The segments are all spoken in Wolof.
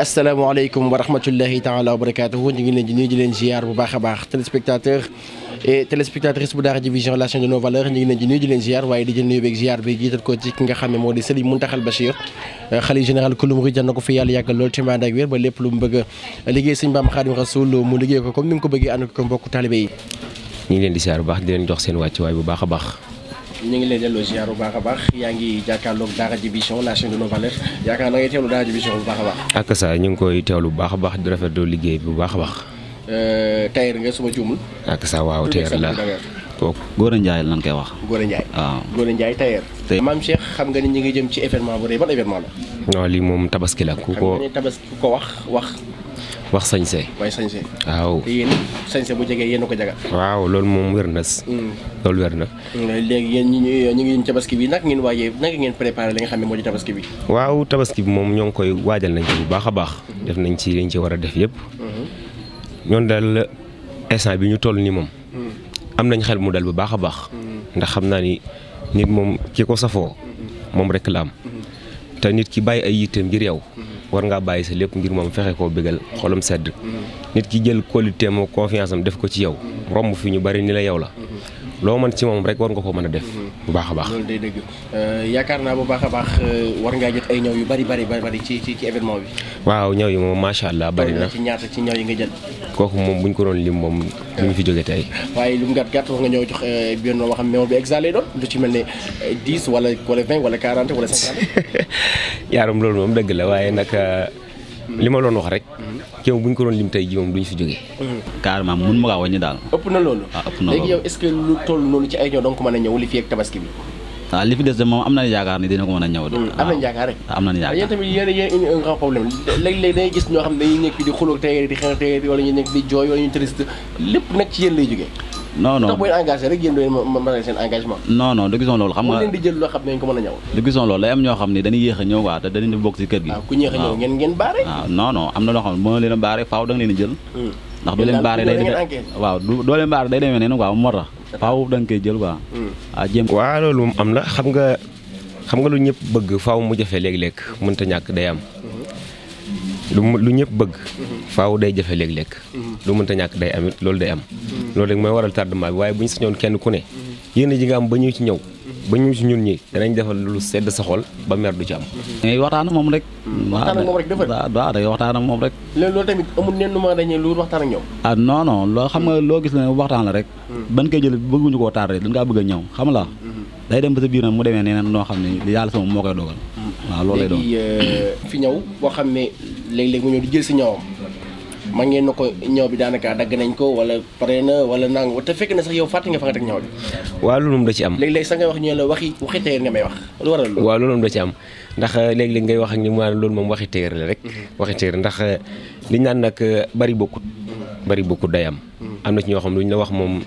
السلام عليكم ورحمه الله تعالى وبركاته نجي لين نجي لين زيار بو باخا باخ تيلي سبيكتاتور اي تيلي سبيكتاتريس بو دار ديفيجن لا شين دو نو فالور نجي لين نجي لين زيار واي دي نيو بك زيار بي جيتو كو تي كيغا خامي مودي سليم منتخب البشير خلي جنرال كلوم ري جان نكو في يال ياغ لول تيما داك وير با ليپ لو مبغ ليغي سيغ ñu ngi lay delloo ziar bu baax a baax yaa ngi jàkkaarloog Daara a Vision la chaîne de nos valeurs yaakaar na ngay teewlu Daara ji Vision bu baax a baax. ak saa ñu ngi koy teewlu bu baax a baax di rafetlu liggéey bu baax a baax. Euh, tailleur nga suma juumul. ak saa waaw tailleur la kooku. Gora Ndiaye lan koy wax. Gora Ndiaye waaw ah. Gora Ndiaye tailleur. tey maam Cheikh xam nga ni ñu ngi jëm ci événement bu rëy ban événement la. non lii moom tabaski la ku ko ku ko wax wax. wax sañse waaye sañse waaw te yéen sañse jegee yéen a ko jagal waaw loolu moom wér na mm. loolu wér na léegi yéen ñu ngi ñu tabaski bi nag ngeen waajee naka ngeen préparé li nga xam ne moo di tabaski bi waaw tabaski bi moom ñoo ngi koy waajal nañ ci bu baax a mm-hmm. def nañ ci liñ ci war a def yëpp mm-hmm. ñoom daal instant bi ñu toll ni moom mm-hmm. am nañ xel mu dal bu baax a baax ndax xam naa ni nit moom ki ko safoo moom rek la te nit ki bàyyi ay yitteem ngir yow war ngaa bàyyi sa lépp ngir moom fexe koo bégal xolam sedd mm-hmm. nit ki jël kóoliteem confiance am def ko ci yow romb fi ñu bari ni la yow la mm-hmm. loo mën ci moom rek war nga koo mën a def. Mhm. bu baax a baax loolu day dëgg euh, yaakaar naa bu baax a baax euh, war ngaa jot ay ñëw yu bari bari bari ci ci ci événement bi. waaw ñëw yi moom macha allah bari na ci ñaata ci ñëw yi nga jël. kooku moom bu ñu ko doon lim moom du ñu fi jóge tey. waaye lu mu gàtt gàtt wax nga ñëw jox euh, benn loo xam meew bi exalé doon lu ci mel ne 10 wala wala 20 wala 40 wala 50. yaaram loolu moom dëgg la waaye nag li ma loon wax rek. Mhm. kéem bu ñu ko doon lim tey jii moom du ñu fi jógee. Mhm. carrément mun ma kaa wàññi daal. ëpp na loolu waaw ah, ëpp na loolu léegi yow est lu toll noonu ci ay ñëw donc mën a ñëw li fi ak tabaski bi. waaw ah, li fi des moom am na yaakaar ni dina ko mën a ñëw de. Mhm. am nañ ah, yaakaar rek am nañ yaakaar yéen tamit yéen yéen un grand problème léeg-léeg dañuy gis ñoo xam ne dañuy nekk di xuloo tey di xeex ñu nekk di jooy wala ñu triste lépp nag ci yéen lay jógee non non tax bu ñu engagé rek yéen doy ma seen engagement. non non du gisoon loolu xam nga leen di jël loo xam ne ko mën a ñëw. du gisoon loolu lay am ñoo xam ne dañuy yéex a ñëw waa te dañu di bokk si kër gi. waaw ku yéex a ñëw ngeen ngeen baare. waaw non non am na loo xam ne mën leen a baare faaw da nga leen jël. Hmm. ndax doo leen baare day demee waaw doo leen baare day demee neen waaw moo tax faaw da nga koy jël quoi. Hmm. ah jéem. waaw loolu am na xam nga xam nga lu ñëpp bëgg faaw mu jafe léeg-léeg mënta ñàkk day am lu ñëpp bëgg faaw day jafe léeg-léeg lu mënta ñàkk day amit loolu day am loolu rek mooy waral tardement bi waaye bu ñu sañoon kenn ku ne yéen ji nga am ba ñu ci ñëw ba ñu ci ñun ñi danañ defal lu sedd sa xol ba mer du ci am ngay waxtaan ak moom rek waxtaan ak moom rek defal da ngay waxtaan ak moom rek léegi loolu tamit ah, la rek hmm. ban koy jël a hmm. day dem ba sa biir nag mu demee neneen noo xam ne yàlla sama moo koy dogal hmm. waaw loolu lay doon euh, léeg léeg mu ñëw di jël si ñoom ma ngeen ko ñëw bi daanaka dagg nañ ko wala pare na wala nang te fekk na sax yow fàtte nga fa nga teg ñëw bi waaw loolu moom da ci am léeg léeg sax ngay wax ñu la waxi waxi teer nga may wax lu waral lu waaw loolu moom da ci am ndax eh, léeg léeg ngay wax ak ñu maan loolu moom waxi teer la rek mhm. waxi teer ndax eh, li ñaan nag eh, bari bokkut mhm. bari bokkut day am mhm. am na ci ñoo xam lu ñu la wax moom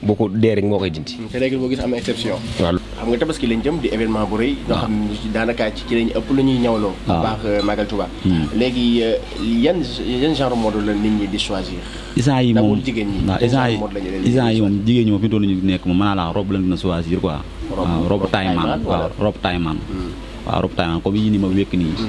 boo ko dee rek moo koy dindi. te règle boo gis am exception. xam nga tabaski lañ jëm di événement bu rëy. nga xam ne daanaka ci lañ ëpp lu ñuy ñawloo. waaw baax euh, Magal Touba. Hmm. léegi euh, yan yan genre mode la nit di choisir. isaan yi moom jigéen ñi. waaw isaan yi isaan yi moom jigéen ñi moom fi doon ñu nekk moom mën naa la robe lañ gën a choisir quoi. robe taille man waaw robe taille man hmm. waaw rob tayman comme yi ni ma wékk nii mm.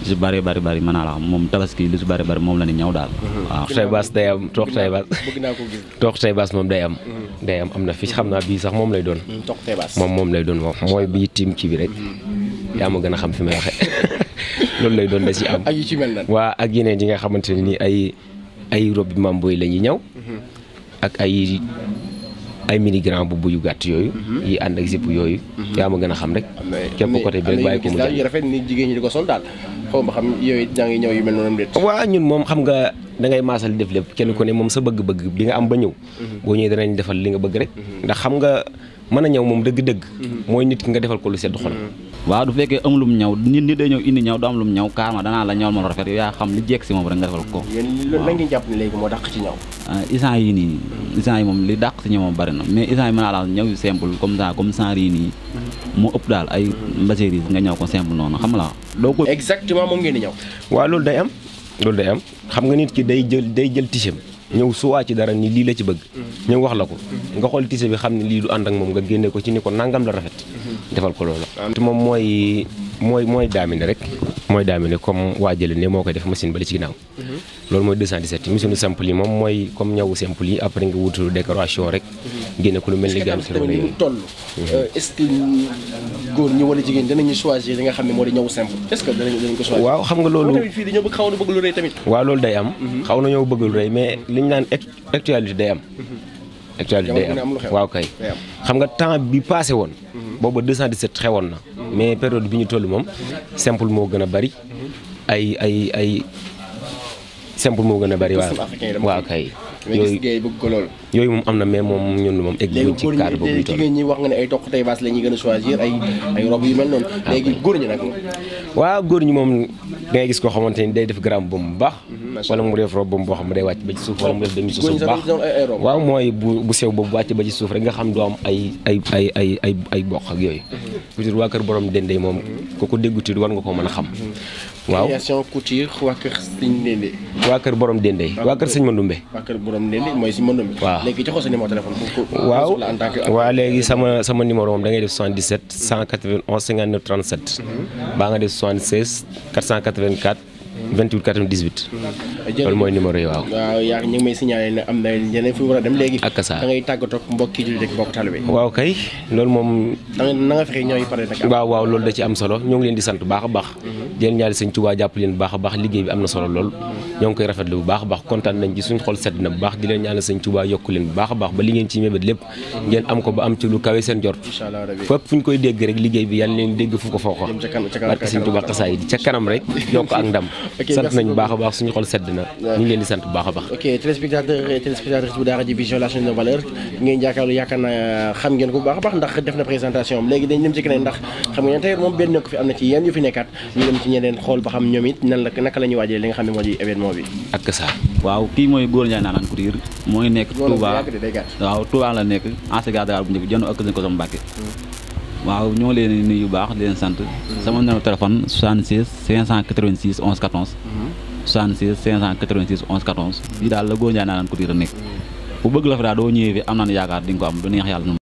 lu si bari bari bari mën naa la xam moom tabaski lu si bari bari moom la ni ñëw daal mm-hmm. baas day am toog tey baas toog tey baas moom day am mm-hmm. day am am na fi xam naa bii sax moom lay doon mm, moom moom lay doon moom mooy bii tiim ci bi rek mm-hmm. yaa ma gën a xam fi may waxee loolu lay doon da si am waa ak yeneen yi nga xamante ne nii ay ay rob bi maam booy la ñuy ñëw ak ay ay minigramme bu buyu gàtt yooyu. Mhm. yi ànd ak zipp yooyu. Mhm. yaa ma gën a xam rek. képp côté ko mu rafet ni jigéen ñi di ko sol daal. xaw ma xam yooyu daa ngi ñëw yu mel noonu ñun moom xam nga da ngay maasal def kenn ku ne moom sa bëgg-bëgg bi nga am ba ñëw. Mhm. boo ñëwee danañ defal li nga bëgg rek. ndax xam nga mën a ñëw moom dëgg-dëgg. Mhm. mooy nit ki nga defal ko lu sedd xol. Mhm. waaw du fekkee am lum ñaw nit nit day ñëw indi ñaw du am lum ñaw kaar ma danaa la ñawal ma rafet yow yaa xam li jekk si moom rek nga defal ko. yéen lan ngeen jàpp ah, yi nii mhm. isaan yi moom li dàq si ñaw moom bari na mais isaan yi mën naa la ñaw yu simple comme ça comme nii. moo ëpp daal ay mbaséeri nga ñaw ko simple noonu xam la doo ko exactement moom ngeen di ñaw. waaw loolu day am loolu day am xam nga nit ki day jël day jël tiseem ñëw suwaa ci dara ni lii la ci bëgg mm-hmm. ñëw wax la ko mm-hmm. nga xool tise bi xam ne lii du ànd ak moom nga génne ko ci ni ko nangam la rafet mm-hmm. defal ko loolu moom mooy mooy mooy daamine rek mooy daamine comme jële ne moo koy def machine ba li ci ginnaaw loolu mooy 217 machine simple yi moom mooy comme ñawu simple yi après nga wutu décoration rek. génne ko lu mel ni gàncax gi mu toll. Euh, est-ce góor ñi wala jigéen danañu choisir li nga xam ne moo di ñawu simple. est-ce que danañu danañu waaw xam nga loolu tamit fii dañoo na bëgg lu rëy tamit. waaw loolu day am. Mhm. xaw na ñoo bëgg lu rëy mais li ñu naan actualité day am. Mhm. actualité day am waaw kay. xam nga temps bi passé woon. Mhm. boobu 217 xewoon na. mais période bi ñu toll moom. simple moo gën a bari. ay ay ay. simple moo gën a bari waaw waaw kay yooyu yooyu moom am na mais moom ñun moom egg ci cadre boobu ñu toll wax nga ne ay toq tey baas gën a choisir ay ay rob yu mel noonu ah, léegi ñi nag waaw góor ñi moom dangay gis koo xamante ni day def gramme ba mu baax mm-hmm, wala mu def rob ba boo xam ne day wàcc ba ci suuf wala mu def demi suuf bu baax waaw mooy bu bu sew boobu wàcc ba ci suuf rek nga xam du am ay ay ay ay ay ay ak yooyu mm-hmm. toujours waa kër borom dendee moom mm-hmm. ku ko déggutit war nga koo mën a xam waaw filiation Couture waa kër Sëñ Ndende. waa kër Borom Ndende waa kër Sëñ Mandumbe. waa kër Borom Ndende mooy Sëñ Mandumbe. waaw léegi joxoo sa numéro téléphone. waaw waaw léegi sama sama numéro moom da ngay def 77 191 59 37. baa nga def 76 484. 28 98. loolu mooy numéro yi waaw. waaw yaa ne am na yeneen a tàggatoo ak mbokk yi kay loolu moom. da na nga fexe waaw waaw loolu da ci am solo ñoo ngi leen di sant bu baax a baax. Mhm. di leen ñaari sëñ Tuubaa jàpp leen baax a baax liggéey bi am na solo lool. Mhm. ñoo ngi koy rafetlu bu baax a baax kontaan nañ ci suñ xol sedd na bu baax di leen ñaanal sëñ yokk leen bu baax a baax ba li ngeen ci mébét lépp ngeen am ko ba am ci lu kawe seen jort fépp fu ñu koy dégg rek liggéey bi yàlla leen dégg fu ko foo ko barke sëñ Tuubaa xasaa yi di ca kanam sant nañu baax a baax suñu xol sedd na ñu ngi leen di sant baax a baax ok téléspectateur et bu Daara J Vision la chaîne de valeur ngeen jàkkaarlu yaakaar naa xam ngeen ko bu baax a baax ndax def na présentation léegi dañ dem ci keneen ndax xam ngeen tey moom benn nekk fi am na ci yeen yu fi nekkaat ñu dem ci ñeneen xool ba xam ñoom it nan la naka la ñuy waajee nga xam ne mooy nekk Touba waaw Touba la nekk ancien gare bu njëkk waaw ñoo leen di nuyu baax leen sant. sama numéro téléphone 76 586 11 14. 76 586 11 14. lii daal la góor ñaanal naan ku a nekk. bu bëgg la fi daal doo ñëwee fi am naan yaakaar di ko am du neex yàlla.